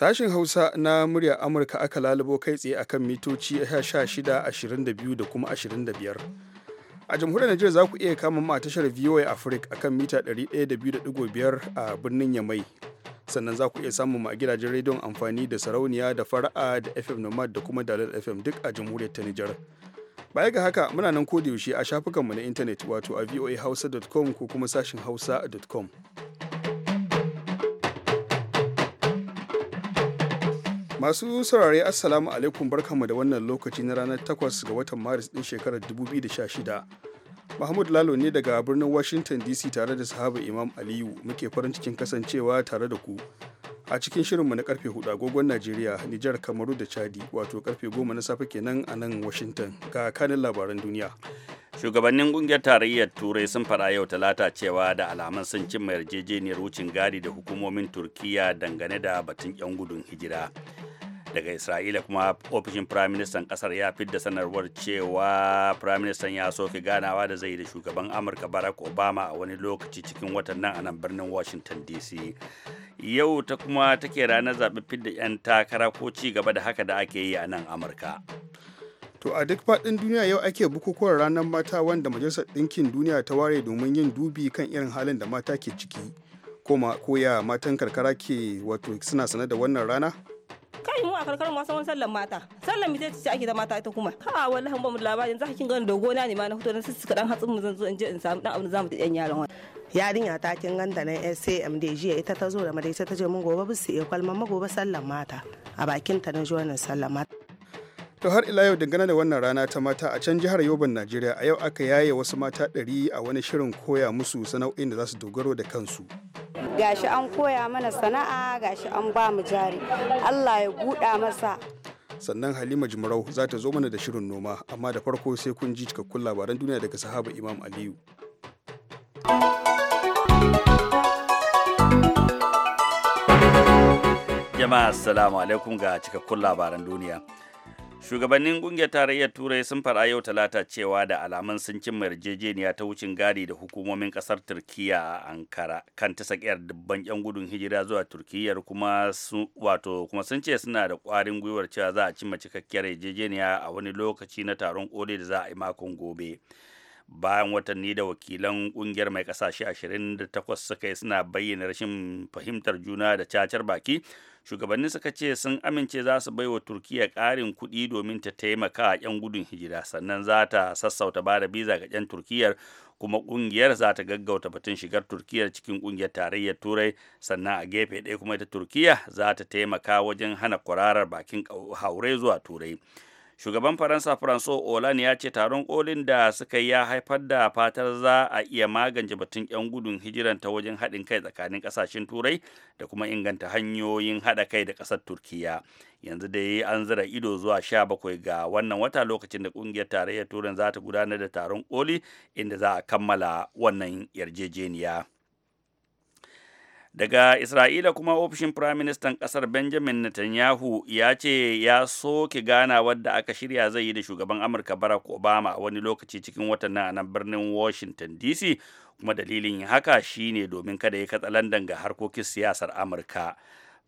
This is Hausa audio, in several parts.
Sashen Hausa na murya Amurka aka lalubo kai tsaye akan mitoci 16, 22 da kuma 25. A jamhuriyar Najeriya za ku iya kama mu a tashar VOA Africa akan mita 102.5 a birnin Yamai. Sannan za ku iya samun mu a gidajen rediyon amfani da sarauniya da fara'a da FM Nomad da kuma Dalil FM duk a jamhuriyar ta Nijar. Baya ga haka muna nan kodayaushe a shafukanmu na intanet wato a voahausa.com ko kuma sashin hausa.com. Masu saurare Assalamu alaikum barkanmu da wannan lokaci na ranar 8 ga watan Maris din shekarar 2016. Mahmud Lalo ne daga birnin Washington DC tare da sahaba Imam Aliyu muke farin cikin kasancewa tare da ku. A cikin shirinmu na karfe 4 agogon Najeriya, Nijar, Kamaru da Chadi wato karfe 10 na safe kenan a nan Washington ga kanin labaran duniya. Shugabannin kungiyar tarayyar Turai sun faɗa yau talata cewa da alaman sun cimma yarjejeniyar wucin gadi da hukumomin Turkiyya dangane da batun 'yan gudun hijira. daga isra'ila kuma ofishin firaministan kasar ya fidda sanarwar cewa firaministan ya so fi ganawa da zai da shugaban amurka barack obama a wani lokaci cikin watan nan a nan birnin washington dc yau ta kuma take ranar zaɓe fidda 'yan takara ko ci gaba da haka da ake yi a nan amurka To a duk faɗin duniya yau ake bukukuwar ranar mata wanda Majalisar Ɗinkin Duniya ta ware domin yin dubi kan irin halin da mata ke ciki. Ko ya matan karkara ke wato suna sane da wannan rana? kai mu a karkar ma san sallan mata sallan mi ce ake da mata ita kuma ka wallahi ba mu labarin zaka kin gani na ne ma na fito na sussuka dan hatsin mu zan zo in je in samu dan abin zamu ta yan yaron wani yarinya ta kin ganta na SAM da jiya ita ta zo da madaita ta je mun gobe bisu e kwalman gobe sallan mata a bakin ta na jonin sallan mata To har ila yau dangane da wannan rana ta mata a can jihar Yoban Najeriya a yau aka yaye wasu mata ɗari a wani shirin koya musu sana'o'in da za su dogaro da kansu. gashi an koya mana sana'a gashi an ba mu jari Allah ya buɗa masa sannan halima jimarau za ta zo mana da shirin noma amma da farko sai kun ji cikakkun labaran duniya daga sahaba imam aliyu jama'a assalamu alaikum ga cikakkun labaran duniya shugabannin ƙungiyar tarayyar turai sun fara yau talata cewa da alamun sun cimma yarjejeniya ta wucin gadi da hukumomin kasar turkiya a ankara kan ta sakiyar dubban yan gudun hijira zuwa turkiyya kuma wato kuma sun ce suna da ƙwarin gwiwar cewa za a cimma cikakkiyar yarjejeniya a wani lokaci na taron koli da za a yi makon gobe bayan watanni da wakilan kungiyar mai kasashe 28 suka yi suna bayyana rashin fahimtar juna da cacar baki shugabannin suka ce sun amince za su baiwa turkiya ƙarin kuɗi domin ta taimaka a 'yan gudun hijira sannan za ta sassauta ba da biza ga 'yan turkiyar kuma kungiyar za ta gaggauta batun shigar turkiyar cikin kungiyar tarayyar turai sannan a gefe ɗaya kuma ita turkiya za ta taimaka wajen hana kwararar bakin haure zuwa turai shugaban faransa franco olan ya ce taron kolin da suka ya haifar da fatar za a iya magance batun 'yan gudun hijiran ta wajen haɗin kai tsakanin ƙasashen turai da kuma inganta hanyoyin haɗa kai da ƙasar turkiya yanzu dai an zira ido zuwa sha bakwai ga wannan wata lokacin da ƙungiyar tarayyar turai za ta gudanar da taron koli inda za a kammala wannan yarjejeniya. daga isra'ila kuma ofishin firaministan ƙasar benjamin netanyahu ya ce ya soke gana wadda aka shirya zai yi da shugaban amurka barack obama a wani lokaci cikin watan nan nan birnin washington dc kuma dalilin haka shine domin kada ya katsa landan ga harkokin siyasar amurka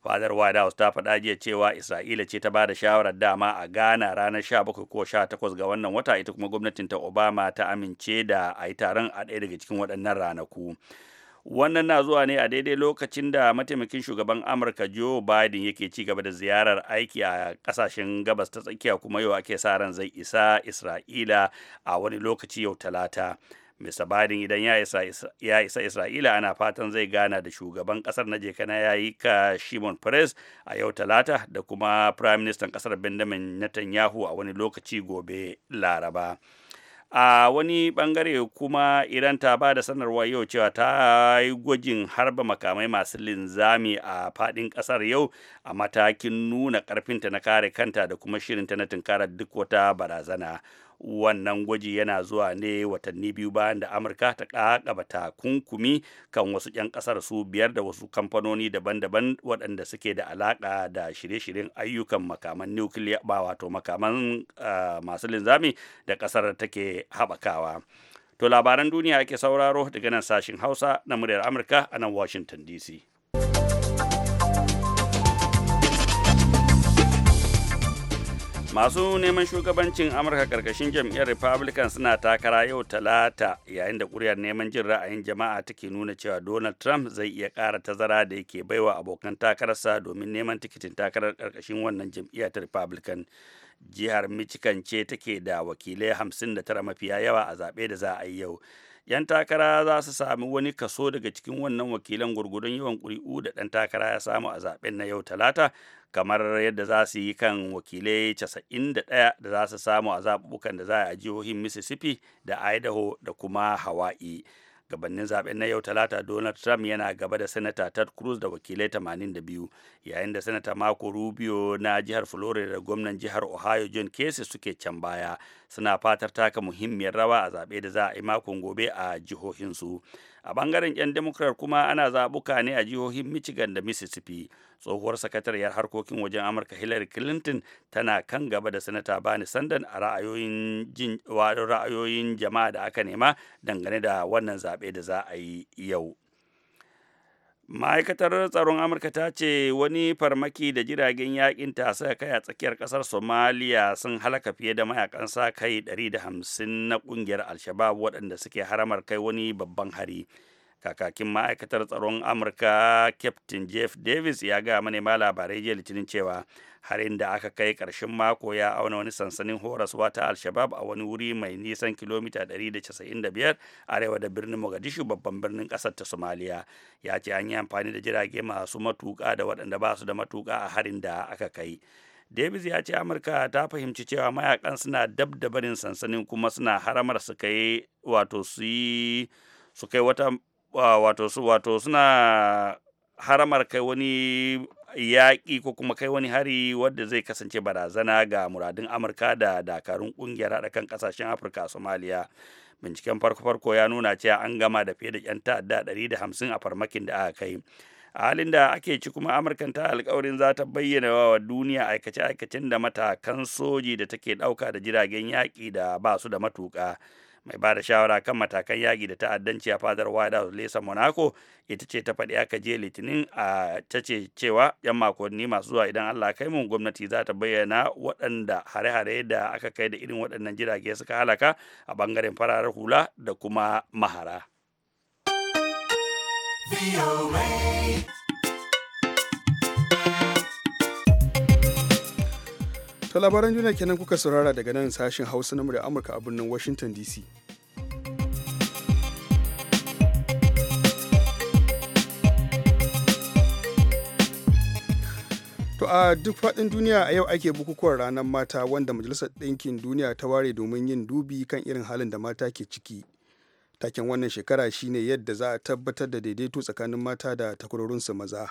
fadar white house ta faɗa jiya cewa isra'ila ce ta ba da shawarar dama a gana ranar 17 ko 18 ga wannan wata ita kuma gwamnatin ta obama ta amince da a yi taron a ɗaya daga cikin waɗannan ranaku wannan na zuwa ne a daidai lokacin da mataimakin shugaban amurka joe biden yake ci gaba da ziyarar aiki a kasashen gabas ta tsakiya kuma yau ake sa ran zai isa isra'ila a wani lokaci yau talata Mr. Biden idan ya isa, Isra'ila ana fatan zai gana da shugaban kasar na jekana ya yi ka Shimon perez a yau talata da kuma Prime Minister kasar Benjamin Netanyahu a wani lokaci gobe Laraba. a wani bangare kuma idan ta ba da sanarwa yau cewa ta yi gwajin harba makamai masu linzami a fadin kasar yau a matakin nuna karfinta na kare kanta da kuma shirinta na tunkarar duk wata barazana wannan gwaji yana zuwa ne watanni biyu bayan da amurka ta kakaba takunkumi kan wasu 'yan kasar su biyar da wasu kamfanoni daban-daban waɗanda suke da alaƙa da shirye-shiryen ayyukan makaman nukiliya ba wato makaman ah, masu linzami da ƙasar take haɓakawa to labaran duniya ake sauraro daga nan sashin hausa na muryar amurka a nan washington dc masu neman shugabancin amurka karkashin jam'iyyar republican suna takara yau talata yayin da ƙuri'ar neman jin ra'ayin jama'a take nuna cewa donald trump zai iya ƙara tazara da yake baiwa abokan takararsa domin neman tikitin takarar karkashin wannan jam'iyyar ta republican jihar michigan ce take da wakilai 59 mafiya yawa a zaɓe da za a yi yau 'yan takara za su sami wani kaso daga cikin wannan wakilan gurgudon yawan ƙuri'u da ɗan takara ya samu a zaben na yau talata kamar yadda za su yi kan wakilai 91 da za su samu a zaɓuɓɓukan da za a jihohin mississippi da idaho da kuma hawaii gabanin zaben na yau talata donald trump yana gaba da sanata ted cruz da wakilai 82 yayin da sanata marco rubio na jihar florida da gwamnan jihar ohio john casey suke can baya suna fatar taka muhimmiyar rawa a zaɓe da za a yi makon gobe a jihohinsu. su a bangaren 'yan democrat kuma ana zaɓuka ne a jihohin michigan da mississippi tsohuwar sakatariyar harkokin wajen amurka hillary clinton tana kan gaba da sanata bani sandan a ra'ayoyin jama'a da aka nema dangane da wannan zaɓe da za a yi yau ma'aikatar tsaron amurka ta ce wani farmaki da jiragen yakin ta suka kai a tsakiyar kasar somaliya sun halaka fiye da mayakan sa kai 150 na kungiyar alshabab waɗanda suke haramar kai wani babban hari kakakin ma'aikatar tsaron amurka captain jeff davis ya ga manema labarai jiya litinin cewa harin da aka kai karshen mako ya auna wani sansanin horaswa ta al-shabab a wani wuri mai nisan kilomita 195 arewa da birnin mogadishu babban birnin ƙasar ta somaliya ya ce an yi amfani da jirage masu matuƙa da waɗanda ba su da matuka a harin da aka kai davis ya ce amurka ta fahimci cewa mayakan suna dab da barin sansanin kuma suna haramar su su su kai wata wato wato suna haramar kai wani yaƙi ko kuma kai wani hari wadda zai kasance barazana ga muradun amurka da dakarun ƙungiyar haɗa kan ƙasashen afirka somaliya binciken farko-farko ya nuna cewa an gama da fiye da 'yan ta'adda hamsin a farmakin da aka kai a halin da ake ci kuma amurkan ta alkawarin za ta bayyana wa duniya aikace-aikacen da matakan soji da take ɗauka da jiragen yaƙi da ba su da matuƙa mai ba da shawara kan matakan yaƙi da ta'addanci a fadar white house lesa monaco ita ce ta faɗi aka je litinin a ta ce cewa yan makonni masu zuwa idan allah kai mun gwamnati za ta bayyana waɗanda hare-hare da aka kai da irin waɗannan jirage suka halaka a bangaren fararen hula da kuma mahara. ta labaran juna kenan kuka saurara daga nan sashen Hausa na murya Amurka a birnin Washington DC. To a duk faɗin duniya a yau ake bukukuwan ranar mata wanda Majalisar Ɗinkin Duniya ta ware domin yin dubi kan irin halin da mata ke ciki. Taken wannan shekara shine yadda za a tabbatar da daidaito tsakanin mata da takwarorinsu maza.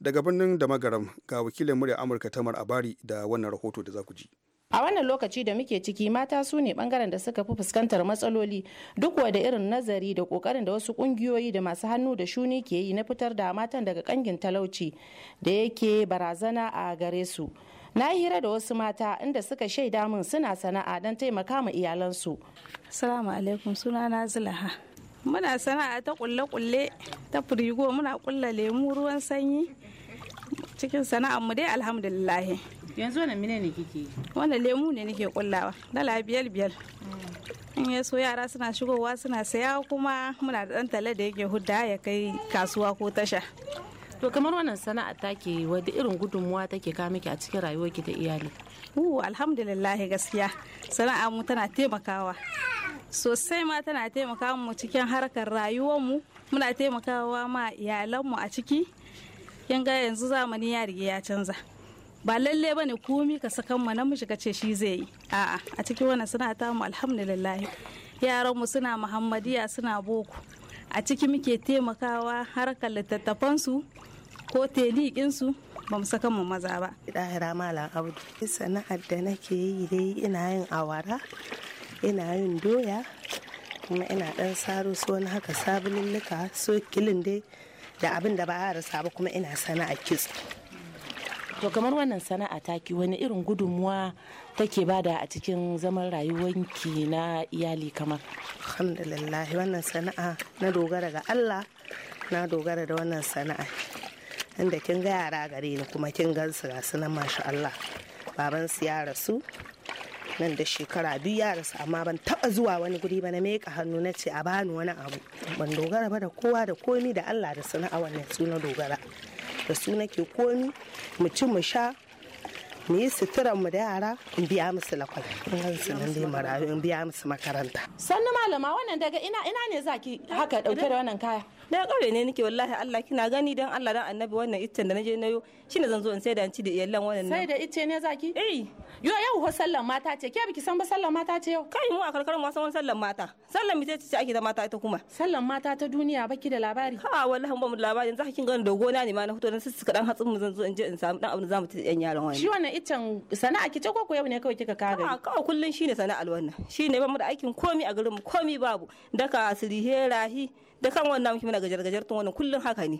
daga birnin da magaram ga wakilin murya amurka tamar abari da wannan rahoto da za ku ji a wannan lokaci da muke ciki mata su ne bangaren da suka fi fuskantar matsaloli duk da irin nazari da kokarin da wasu kungiyoyi da masu hannu da shuni ke yi na fitar da matan daga kangin talauci da yake barazana a gare su na hira da wasu mata inda suka shaida min suna sana'a don taimaka ma iyalansu salamu alaikum suna na zulaha muna sana'a ta kulle-kulle ta firigo muna kulle lemu ruwan sanyi cikin mu dai alhamdulillah yanzu wannan mine ne kike wannan lemu ne nake kullawa dala biyar biyar in ya so yara suna shigowa suna saya kuma muna da dan tale da yake hudda ya kai kasuwa ko tasha to kamar wannan sana'a take wadda irin gudunmuwa take ka miki a cikin rayuwarki ta iyali uh alhamdulillah gaskiya sana'a mu tana taimakawa sosai ma tana taimakawa mu cikin harkar rayuwar mu muna taimakawa ma iyalanmu a ciki kin ga yanzu zamani ya rige ya canza ba lalle ba ne komi ka sakan mu namiji ka ce shi zai yi a'a a cikin wannan suna ta mu alhamdulillah yaran mu suna muhammadiya suna boko a ciki muke taimakawa harkar littattafan su ko telikin su ba mu sakan mu maza ba dahira malam abdu sana'ar da nake yi dai ina yin awara ina yin doya kuma ina dan saro su wani haka sabulin nika so kilin dai da abin da ba a rasa ba kuma ina sana'a kitso to kamar wannan sana'a ta taki wani irin gudunmuwa take bada a cikin zaman rayuwanki na iyali kamar alhamdulillah wannan sana'a na dogara ga allah na dogara da wannan sana'a inda kin ga yara gare ni kuma kin gansu ga su masha allah baban su ya rasu nan da shekara biyu ya rasu amma ban taba zuwa wani guri ba na meka hannu na ce a bani wani abu ban dogara ba da kowa da komi da Allah da sana'a wannan suna dogara da su nake komi mu ci mu sha mu yi suturan mu da yara in biya musu lakwai in gan su nan dai marayu in biya musu makaranta sannu malama wannan daga ina ina ne zaki haka dauke da wannan kaya na ƙauye ne nake wallahi Allah kina gani dan Allah dan annabi wannan iccen da naje nayo shine zan zo in sai da ci da iyallan wannan sai da icce ne zaki eh yo yau ho sallan mata ce ke biki san ba sallan mata ce yau kai mu a karkarar mu san sallan mata sallan mi ce ake da mata ita kuma sallan mata ta duniya baki da labari ha wallahi ba mu da labari yanzu kin gani da gona ne ma na fito dan sussuka dan hatsin mu zan zo in je in samu dan abin zamu ci yan yaran wannan shi wannan iccen sana'a kice ko ko yau ne kawai kika kaga ha kawai kullun shine sana'al wannan shine ba mu da aikin komi a garin mu komi babu daka sirihe rahi da kan wannan muke muna gajar-gajar tun wannan kullum haka ne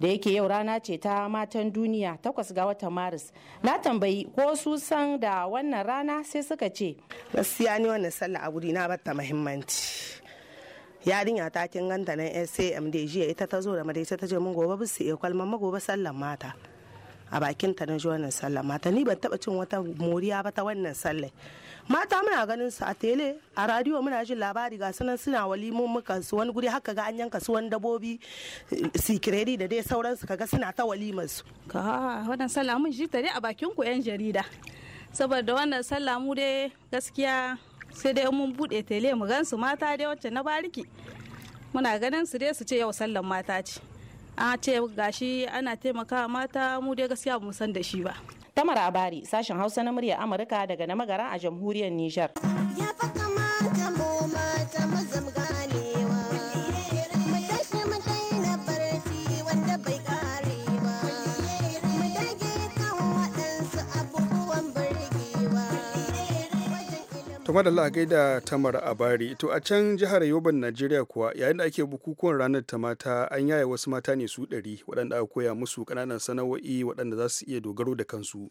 da yake yau rana ce ta matan duniya takwas ga watan maris na tambayi ko su san da wannan rana sai suka ce gaskiya ni wannan sallah a guri na batta muhimmanci yarinya ta kin ganta nan da jiya ita ta zo da madaita ta je mun gobe bisu e kwalman magoba sallan mata a bakin ta na ji wannan sallah mata ni ban taba cin wata moriya ba ta wannan sallah mata muna ganin su a tele a radio muna jin labari ga sanan suna muka su wani guri haka ga an yanka su wani dabobi sikiredi da dai sauransu kaga suna ta walimar su ka wannan sallah mun shi ta a bakin ku yan jarida saboda wannan sallah mu dai gaskiya sai dai mun bude tele mu gan su mata dai wacce na bariki muna ganin su dai su ce yau sallan mata ce an ce gashi ana taimaka mata mu dai gaskiya mu san da shi ba Tamara Abari sashen Hausa na murya Amurka daga na magara a jamhuriyar Nijar. Ya fa kamata mu mata maza To da a gaida tamar a bari. To a can jihar Yoban Najeriya kuwa yayin da ake bukukuwan ranar ta mata an yaya wasu mata ne su ɗari waɗanda aka koya musu ƙananan sana'o'i waɗanda za su iya dogaro da kansu.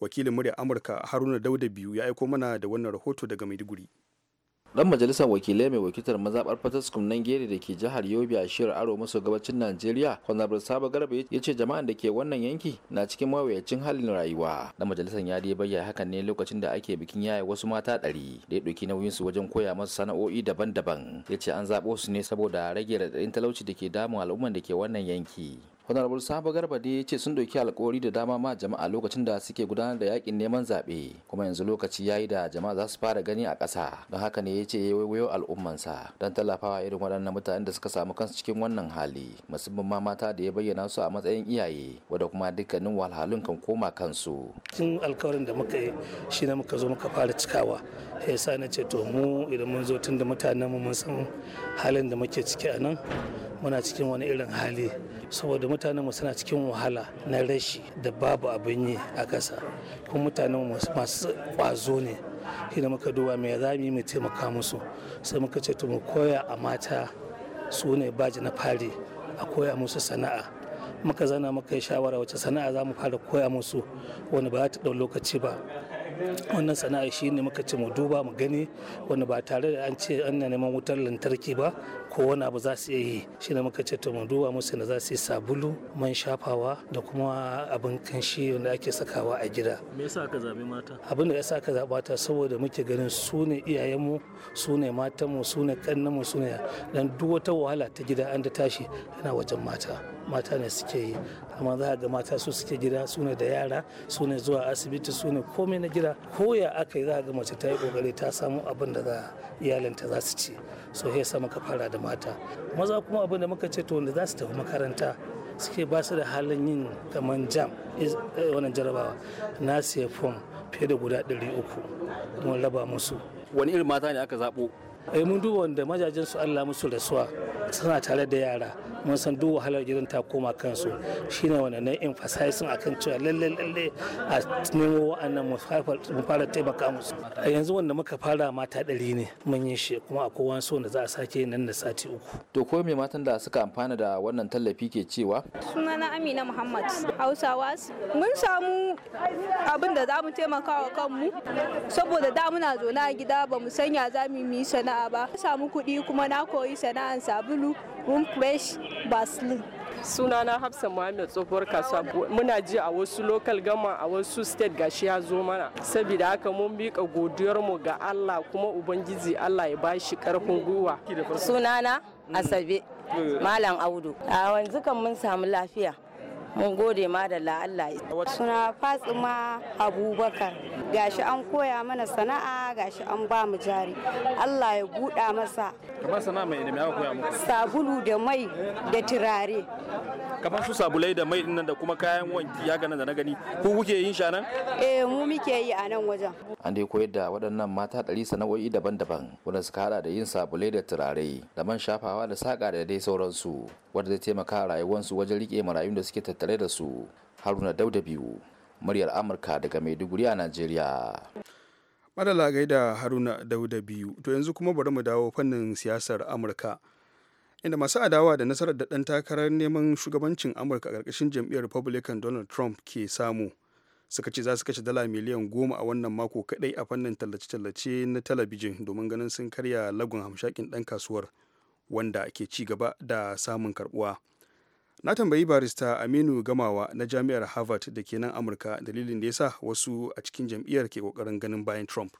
Wakilin murya Amurka Haruna Dauda biyu ya aiko mana da wannan rahoto daga Maiduguri. dan majalisar wakilai mai wakiltar mazabar fataskum nan gere da ke jihar yobe a shirar aro maso gabacin najeriya honorable sabo garba ya ce jama'an da ke wannan yanki na cikin mawuyacin halin rayuwa dan majalisar ya dai bayyana hakan ne lokacin da ake bikin yaye wasu mata ɗari da ya ɗauki nauyin su wajen koya masu sana'o'i daban-daban ya ce an zaɓo su ne saboda rage raɗaɗin talauci da ke damun al'umman da ke wannan yanki honorable sabo garba da ya ce sun ɗauki alkawari da dama ma jama'a lokacin da suke gudanar da yakin neman zaɓe kuma yanzu lokaci yayi da jama'a za su fara gani a ƙasa don haka ne ya ce ya waiwayo al'ummansa don tallafawa irin waɗannan mutanen da suka samu kansu cikin wannan hali musamman ma mata da ya bayyana su a matsayin iyaye wadda kuma dukkanin wahalhalun kan koma kansu. cikin alkawarin da muka yi shi ne muka zo muka fara cikawa ya sa na ce to mu idan mun zo tun da mutanenmu mun san halin da muke ciki a nan muna cikin wani irin hali saboda mutanen mu suna cikin wahala na rashi da babu abin yi a ƙasa kuma mutanen masu ƙwazo ne shi muka duba me za mu taimaka musu sai muka ce to mu koya a mata su ne baji na fari a koya musu sana'a muka zana muka yi shawara wace sana'a za mu fara koya musu wani ba ta ɗau lokaci ba wannan sana'a shi ne muka ce mu duba mu gani wani ba tare da an ce an neman wutar lantarki ba ko wani abu za su iya yi shi ne muka ce to mu duba musu na za su yi sabulu man shafawa da kuma abin kanshi wanda ake sakawa a gida me yasa ka zabi mata abin da yasa ka zaba ta saboda muke ganin su ne iyayenmu su ne matanmu su ne kannanmu su ne dan duk wata wahala ta gida an da tashi yana wajen mata mata ne suke yi amma za ga mata su suke gida su ne da yara su ne zuwa asibiti su ne komai na gida ko ya aka yi za ga mace ta yi kokari ta samu abin da za iyalinta za su ci so sai sama ka fara da mata maza kuma abin da muka ce to wanda za su tafi makaranta suke ba su da halin yin kaman jam eh, wannan jarabawa na siya fom fiye da guda 300 mun raba musu wani irin mata ne aka zaɓo eh, mun duba wanda majajen su Allah musu rasuwa suna tare da yara mun san duk wahalar gidan ta koma kansu shine wannan emphasizing akan cewa lalle lalle a nemo wa'annan mu fara taimaka musu a yanzu wanda muka fara mata ɗari ne mun yi shi kuma akwai wasu wanda za a sake nan da sati uku to ko me matan da suka amfana da wannan tallafi ke cewa Suna na Amina Muhammad Hausawa mun samu abin da za mu taimaka wa kanmu saboda da muna zo na gida ba mu sanya za mu yi sana'a ba samu kuɗi kuma na koyi sana'an sabu sabulu fresh baslu sunana hafsa muhammad tsohuwar kasuwa muna ji a wasu lokal gama a wasu state gashi ya zo mana saboda haka mun miƙa godiyarmu ga allah kuma ubangiji allah ya bashi karfin gwiwa sunana asabe mm. malam audu a wanzu kan mun samu lafiya mun gode ma da la'alla suna fatsima abubakar gashi an koya mana sana'a gashi an ba mu jari allah ya buɗa masa kamar sana'a mai da aka koya muku sabulu da mai da turare kamar su sabulai da mai dinnan da kuma kayan wanki ya ganin da na gani ku kuke yin shi nan eh mu muke yi a nan wajen an dai koyar da waɗannan mata ɗari sana'o'i daban-daban wanda suka hada da yin sabulai da turare da man shafawa da saƙa da dai sauransu wanda zai taimaka rayuwarsu wajen riƙe marayun da suke tattara tattare da su haruna dauda biyu muryar amurka daga maiduguri a najeriya madala gaida haruna dauda biyu to yanzu kuma bari mu dawo fannin siyasar amurka inda masu adawa da nasarar da ɗan takarar neman shugabancin amurka a ƙarƙashin jam'iyyar republican donald trump ke samu suka ce za su kashe dala miliyan goma a wannan mako kaɗai a fannin tallace-tallace na talabijin domin ganin sun karya lagun hamshakin ɗan kasuwar wanda ke ci gaba da samun karbuwa. na tambayi barista aminu gamawa na jami'ar harvard da ke nan amurka dalilin da ya sa wasu a cikin jam'iyyar ke kokarin ganin bayan trump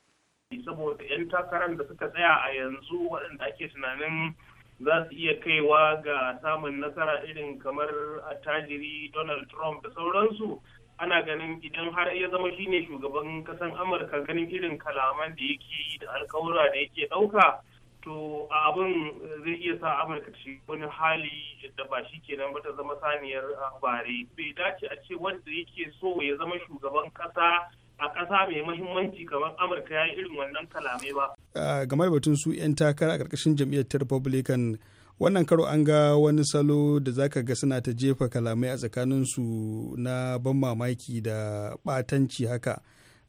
saboda 'yan takarar da suka tsaya a yanzu waɗanda ake tunanin za su iya kaiwa ga samun nasara irin kamar attajiri donald trump da sauransu ana ganin idan har ya zama shine shugaban kasan amurka ganin irin kalaman da yake yi da alkawura da yake ɗauka to abin zai iya sa amurka ci wani hali da ba shi kenan ba ta zama saniyar bare bai dace a ce wanda yake so ya zama shugaban kasa a ƙasa mai mahimmanci kamar amurka ya yi irin wannan kalamai ba game da batun su 'yan takara a ƙarƙashin jam'iyyar ta republican wannan karo an ga wani salo da zaka ga suna ta jefa kalamai a tsakaninsu na ban mamaki da batanci haka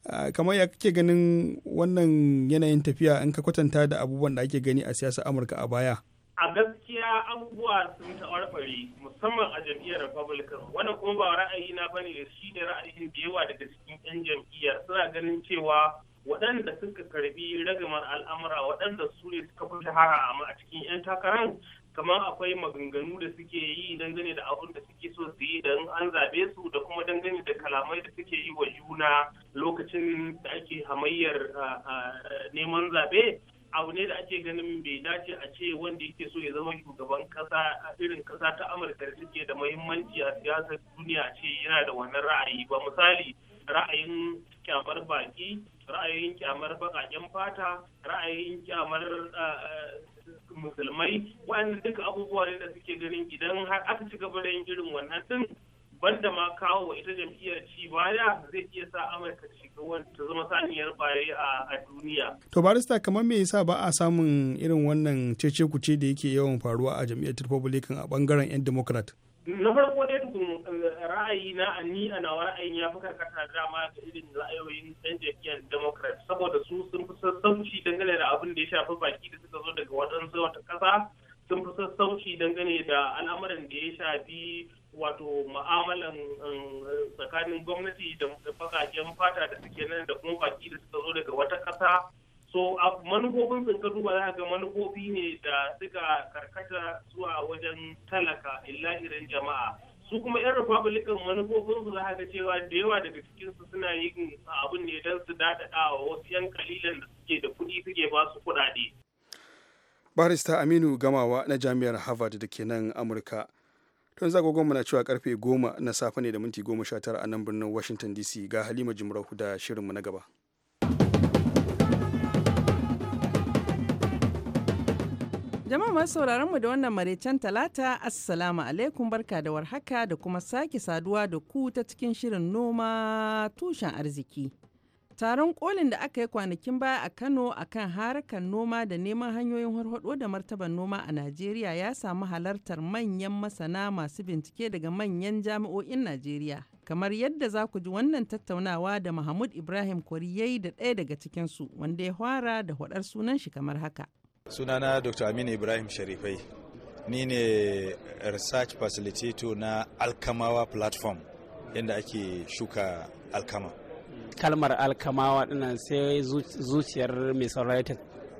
Ah, kamar ya kake ganin wannan yanayin tafiya in ka kwatanta da abubuwan da ake gani a siyasar amurka a baya a gaskiya abubuwa sun taɓarɓare musamman a jam'iyyar republican wannan kuma ba ra'ayi na bane shi ne ra'ayin da yawa daga cikin 'yan jam'iyyar suna ganin cewa waɗanda suka karbi ragamar al'amura waɗanda su ne suka fi shahara a cikin 'yan takarar kamar akwai maganganu da suke yi dangane da abun da suke so su yi don an zaɓe su da kuma dangane da kalamai da suke yi wa juna lokacin da ake hamayyar neman zaɓe abu ne da ake ganin bai dace a ce wanda yake so ya zama shugaban kasa irin kasa ta amurka da suke da muhimmanci a siyasar duniya ce yana da wannan ra'ayi ba misali ra'ayin kyamar baki ra'ayin kyamar bakaƙen fata ra'ayin kyamar musulmai wa'anda duka abubuwa ne da suke ganin idan har aka ci gaba da yin irin wannan din banda ma kawo wa ita jam'iyyar ci baya zai iya sa amurka shugaban ta zama saniyar baye a duniya. to barista kamar me yasa ba a samun irin wannan cece kuce da yake yawan faruwa a jam'iyyar republican a bangaren yan democrat. na farko dai ra'ayi na a ni a nawa ra'ayin ya fi karkata dama da irin ra'ayoyin yan jam'iyyar democrat saboda su sun fi sassauci dangane da abin da ya shafi baki da suka zo daga zuwa wata ƙasa sun fi sassauci dangane da al'amuran da ya shafi wato ma'amalan um, tsakanin gwamnati da bakaken fata da suke nan da kuma baki da suka zo daga wata ƙasa so manufofin sun ka duba za ga manufofi ne da suka karkata zuwa wajen talaka illahirin jama'a su kuma yan republican manufofin su za ka cewa da yawa daga cikin su suna yin abun ne don su dadada wa wasu yan kalilan da suke da kuɗi suke ba su kuɗaɗe barista aminu gamawa na jami'ar harvard da ke nan amurka don zagogon na cewa karfe goma na safe ne da minti goma sha tara a nan birnin washington dc ga halima jimrahu da shirinmu na gaba Jama'a masu sauraron da wannan maraicen talata assalamu alaikum barka da warhaka da kuma sake saduwa da ku ta cikin shirin noma tushen arziki. Taron kolin da aka yi kwanakin baya a Kano akan harakan noma da neman hanyoyin harhaɗo da martaban noma a Najeriya ya samu halartar manyan masana masu bincike daga manyan jami'o'in Najeriya. Kamar yadda za ku ji wannan tattaunawa da Mahmud Ibrahim Kwari yayi da ɗaya daga cikinsu wanda ya fara da sunan shi kamar haka. sunana dr aminu ibrahim sharifai ni ne research facilitator na alkamawa platform yadda ake shuka alkama kalmar alkamawa dinnan sai zuciyar mai saurari ta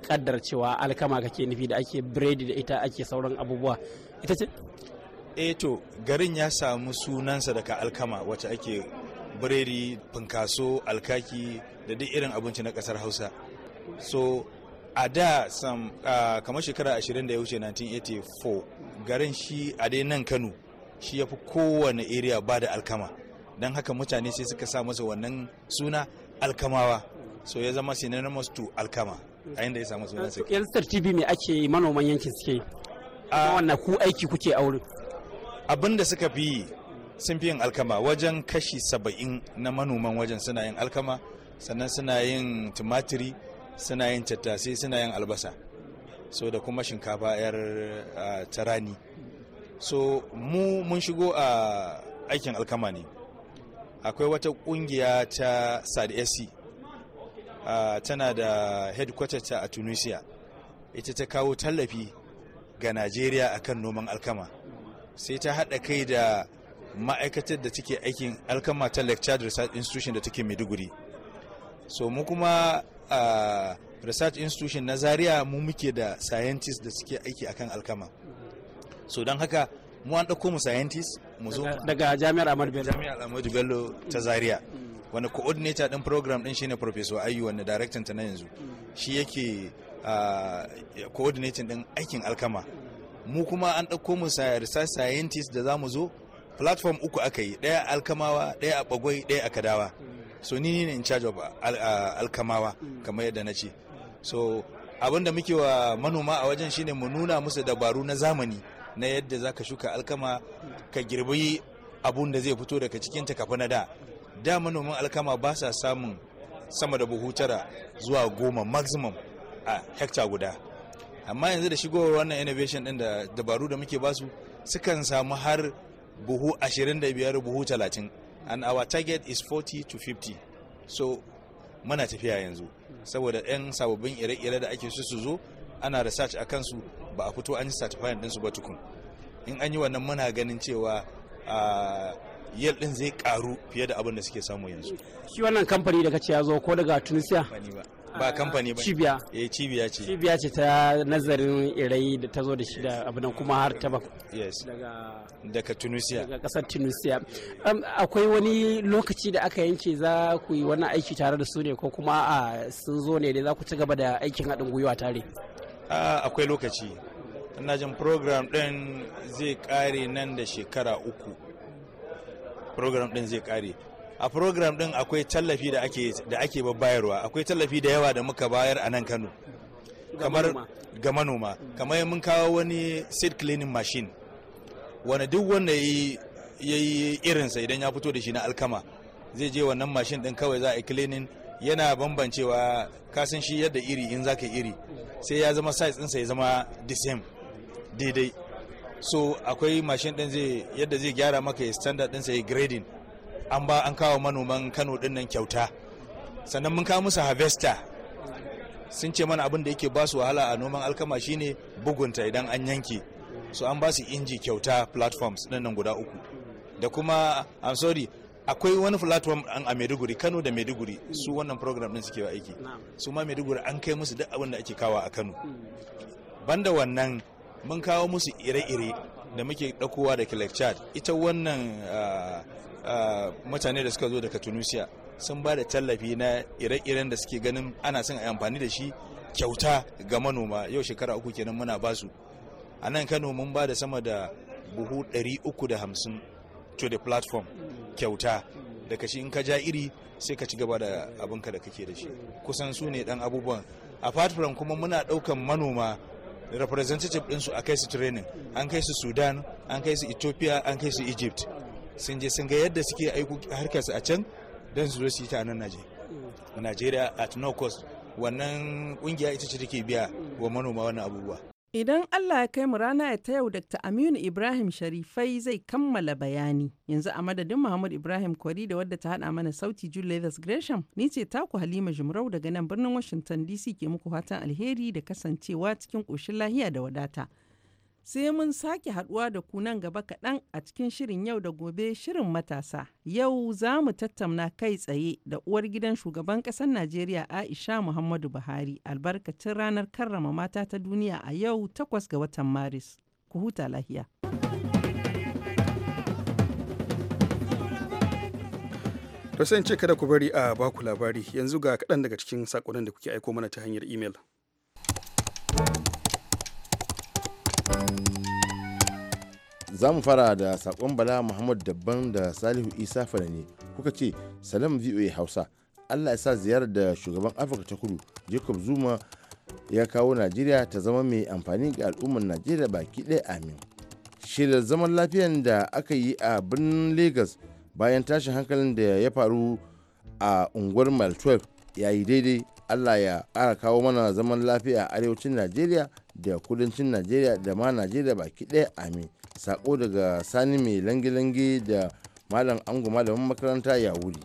kaddar cewa alkama kake nufi da ake biredi da ita ake sauran abubuwa ita ce eh to garin ya samu sunansa daga alkama wacce ake biredi funkaso alkaki da duk irin abinci na kasar hausa so a da sam kamar shekara 20 da ya wuce 1984 garin shi a dai nan kano shi ya fi kowane area ba da alkama don haka mutane sai suka sa masa wannan suna alkamawa so ya zama synonymous to alkama a inda ya samu su ke yanzu tartibi me ake manoman yankin suke a wannan ku aiki kuke a wurin abin da suka fi sun fi yin alkama wajen kashi saba'in na manoman wajen suna yin alkama sannan suna yin tumatiri suna yin tattasai suna yin albasa so da kuma shinkafa 'yar tarani so mu mun shigo a aikin alkama ne akwai wata kungiya ta sadc tana da headquarter ta a tunisia ita ta kawo tallafi ga najeriya akan noman alkama sai ta haɗa kai da ma'aikatar da take aikin alkama ta lecture research institution da take maiduguri so mu kuma a research institution na zaria mu muke da scientists da suke aiki akan alkama so don haka mu an ɗauko mu scientist mu zo daga jami'ar ahmadu bello jami'ar ahmadu bello ta zaria wanda coordinator din program din shine professor ayu wanda director ta na yanzu shi yake coordinating din aikin alkama mu kuma an ɗauko mu research scientist da za mu zo platform uku aka yi ɗaya alkamawa ɗaya a bagwai ɗaya a kadawa so ni ne in charge of uh, uh, alkamawa kamar yadda na ce so abinda muke wa manoma a wajen shine mu nuna musu dabaru na zamani na yadda za ka shuka alkama ka girbi abun da zai fito daga cikin ta kafa na da da manoman alkama ba sa samun sama da buhu tara zuwa goma maximum a hekta guda amma yanzu da shigowar wannan innovation din da dabaru da muke basu sukan samu har buhu 25 buhu 30 and our target is 40 to 50 so muna tafiya yanzu saboda 'yan sababbin ire-ire da ake su su zo ana research a kansu ba a fito an yi certified su ba tukun in an yi wannan muna ganin cewa yel din zai karu fiye da abin da suke samu yanzu shi wannan kamfani daga ce ya zo ko daga tunisia ba kamfani ba cibiya eh cibiya ce cibiya ce ta nazarin irai da ta zo da shi da abu nan kuma har ta ba yes daga daga tunisia daga kasar tunisia akwai wani lokaci da aka yanke za ku yi wani aiki tare da su ne ko kuma a sun zo ne da za ku ci gaba da aikin haɗin gwiwa tare akwai lokaci ina jin program ɗin zai ƙare nan da shekara uku program ɗin zai ƙare a program din akwai tallafi da ake da ake babbayarwa akwai tallafi da yawa da muka bayar a nan Kano kamar ga manoma kamar mun kawo wani seed cleaning machine wanda duk wanda ya yi irinsa idan ya fito da shi na alkama zai je wannan machine din kawai za a cleaning yana bambancewa kasan shi yadda iri in za ka iri sai ya zama size ɗinsa ya zama the same daidai so akwai machine din zai yadda zai gyara maka ya standard ɗinsa ya grading an ba an kawo manoman kano din nan kyauta sannan mun kawo musu harvester sun ce mana abin da yake ba su wahala a noman alkama shine bugunta idan an yanke so an ba su inji kyauta platforms din nan guda uku da kuma i'm sorry akwai wani platform a maiduguri kano da maiduguri su wannan program din suke aiki su ma maiduguri an kai musu duk abin da ake kawo a kano banda wannan mun kawo musu ire-ire da muke ɗaukowa da Chad ita wannan ah, mutane da suka zo daga tunisia sun ba da tallafi na ire-iren da suke ganin ana son a amfani da shi kyauta ga manoma yau shekara uku kenan muna basu a nan kano mun ba da sama da buhu 350 to the platform kyauta da kashi in ka ja iri sai ka ci gaba da abinka da kake da shi kusan su ne dan abubuwan a from kuma muna daukan manoma representative ɗinsu a kai su training an kai su sudan an kai su ethiopia an kai su egypt sun je sun ga yadda suke harkar su a can don su zo su yi ta a nan Najeriya mm. at no cost wannan kungiya ita ce take biya wa manoma wannan abubuwa. Idan Allah ya kai mu rana ya ta yau Dr. Aminu Ibrahim Sharifai zai kammala bayani. Yanzu a madadin Muhammad Ibrahim Kwari da wadda ta hada mana sauti Julius Gresham, ni ce taku Halima Jumrau daga nan birnin Washington DC ke muku fatan alheri da kasancewa cikin ƙoshin lahiya da wadata. Sai mun sake haduwa da ku nan gaba kaɗan a cikin shirin yau da gobe shirin matasa. Yau za mu tattauna kai tsaye da uwar gidan shugaban ƙasar Najeriya Aisha Muhammadu Buhari albarkacin ranar karrama mata ta duniya a yau takwas ga watan Maris. Ku huta lahiya. ta sai ce kada ku bari a baku labari yanzu ga kaɗan daga cikin saƙonin da kuke aiko mana ta hanyar imel. zamu fara da sakon bala muhammad dabban da salihu isa farani kuka ce salam voa hausa allah ya sa ziyarar da shugaban afirka ta kudu jacob zuma ya kawo najeriya ta zama mai amfani ga al'ummar najeriya baki ɗaya amin shirin zaman lafiyan da aka yi a birnin lagos bayan tashin hankalin da ya faru a unguwar mile 12 ya yi daidai allah ya ƙara kawo mana zaman lafiya a arewacin najeriya da kudancin najeriya da ma najeriya baki ɗaya amin sako daga sani mai lange-lange da malam ango malamin makaranta ya wuri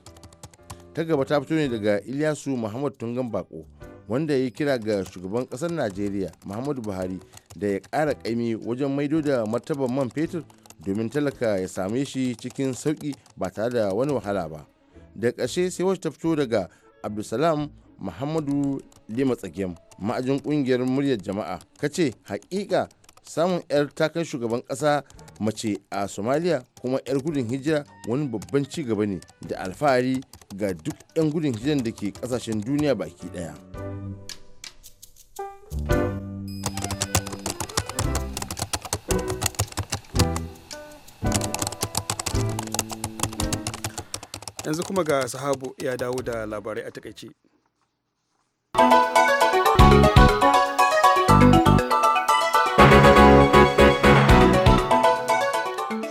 ta gaba ta fito ne daga ilyasu muhammad tungan bako wanda ya kira ga shugaban kasar najeriya muhammadu buhari da ya ƙara ƙaimi wajen maido da martaban man fetur domin talaka ya same shi cikin sauki ba tare da wani wahala ba da ƙarshe sai wacce ta fito daga abdulsalam muhammadu lima tsakiyam ma'ajin kungiyar muryar jama'a ka ce hakika samun 'yar takar shugaban ƙasa mace a somaliya kuma 'yar gudun hijira wani babban ci gaba ne da alfahari ga duk 'yan gudun hijiran da ke ƙasashen duniya baki ɗaya. yanzu kuma ga sahabu ya dawo da labarai a takaice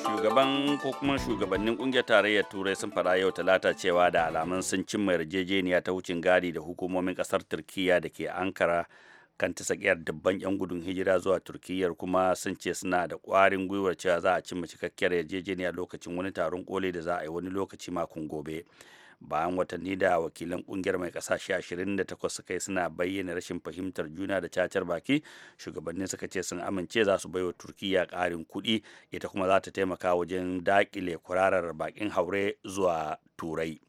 shugaban kuma shugabannin kungiyar tarayyar turai sun faɗa yau talata cewa da alamun sun cimma yarjejeniya ta wucin gadi da hukumomin ƙasar turkiya da ke ankara kan ta tsakiyar dubban 'yan gudun hijira zuwa turkiyyar kuma sun ce suna da ƙwarin gwiwar cewa za a cimma cikakkiyar yarjejeniya lokacin wani taron kole da za a yi wani lokaci makon gobe bayan watanni da wakilan kungiyar mai kasashe 28 suka yi suna bayyana rashin fahimtar juna da cacar baki shugabannin suka ce sun amince za su baiwa turkiya karin kuɗi ita kuma za ta taimaka wajen dakile kurarar bakin haure zuwa turai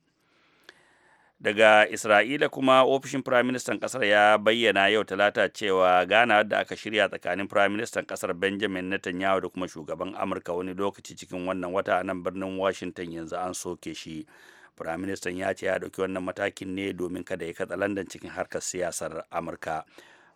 daga isra'ila kuma ofishin firaministan kasar ya bayyana yau talata cewa gana da aka shirya tsakanin firaministan kasar benjamin netanyahu da kuma shugaban amurka wani lokaci cikin wannan wata a nan birnin washington yanzu an soke shi firaministan ya ce ya dauki wannan matakin ne domin kada ya katsa london cikin harkar siyasar amurka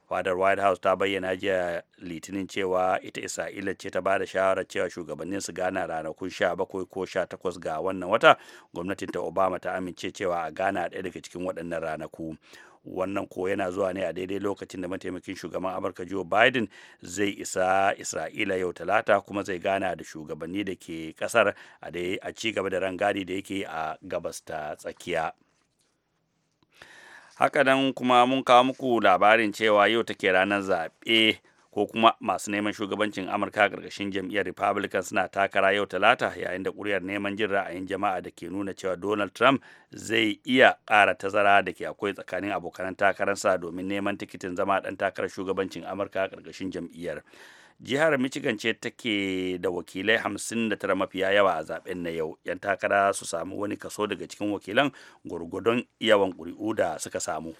fadar white house ta bayyana jiya litinin cewa ita isra'ila ce ta bada shawarar cewa shugabannin su gana ranakun 17 ko 18 ga wannan wata gwamnatin ta obama ta amince cewa a gana daya daga cikin waɗannan ranaku wannan ko yana zuwa ne a daidai lokacin da mataimakin shugaban amurka joe biden zai isa isra'ila yau talata kuma zai gana da shugabanni da ke kasar a ci gaba da rangadi da yake a gabas ta tsakiya haka nan kuma mun kawo muku labarin cewa yau take ranar zaɓe ko kuma masu neman shugabancin amurka ƙarƙashin jam'iyyar republican suna takara yau talata yayin da ƙuri'ar neman jin ra'ayin jama'a da ke nuna cewa donald trump zai iya ƙara tazara da ke akwai tsakanin abokan takararsa domin neman tikitin zama ɗan takarar shugabancin amurka ƙarƙashin jam'iyyar jihar michigan ce take da wakilai hamsin da tara mafiya yawa a zaben na yau yan takara su samu wani kaso daga cikin wakilan gwargwadon yawan ƙuri'u da suka samu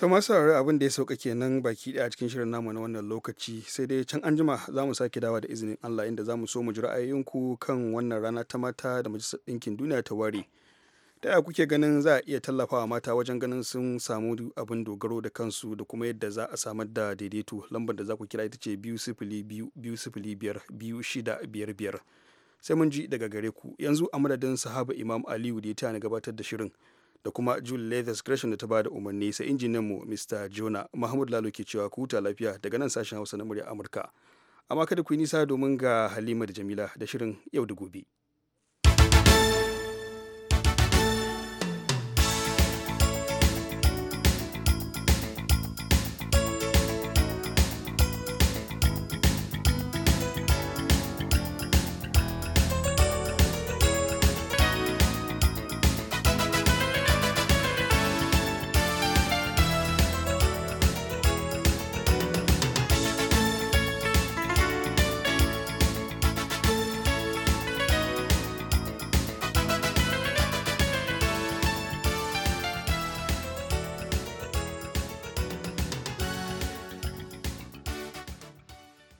To masu abin da ya sauka kenan baki daya a cikin shirin namu na wannan lokaci sai dai can anjima za mu sake dawa da izinin Allah inda za mu so mu ji ra'ayoyinku kan wannan rana ta mata da majalisar ɗinkin duniya ta ware. Da ya kuke ganin za a iya tallafawa mata wajen ganin sun samu abin dogaro da kansu da kuma yadda za a samar da daidaito lambar da za ku kira ita ce biyu sifili Sai mun ji daga gare ku yanzu a madadin sahaba Imam Aliyu da ya tana gabatar da shirin. da kuma Julie Leathers Gresham da ta bada umarni sai injiniyan mu Mr. Jonah Mahmud Lalo ke cewa ku huta lafiya daga nan sashen Hausa na murya Amurka. Amma kada ku yi nisa domin ga Halima da Jamila da shirin yau da gobe.